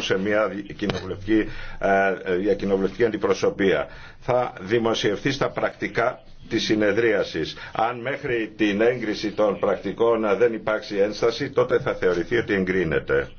σε μια κοινοβουλευτική, ε, για αντιπροσωπεία. Θα δημοσιευθεί στα πρακτικά της συνεδρίασης. Αν μέχρι την έγκριση των πρακτικών δεν υπάρξει ένσταση, τότε θα θεωρηθεί ότι εγκρίνεται.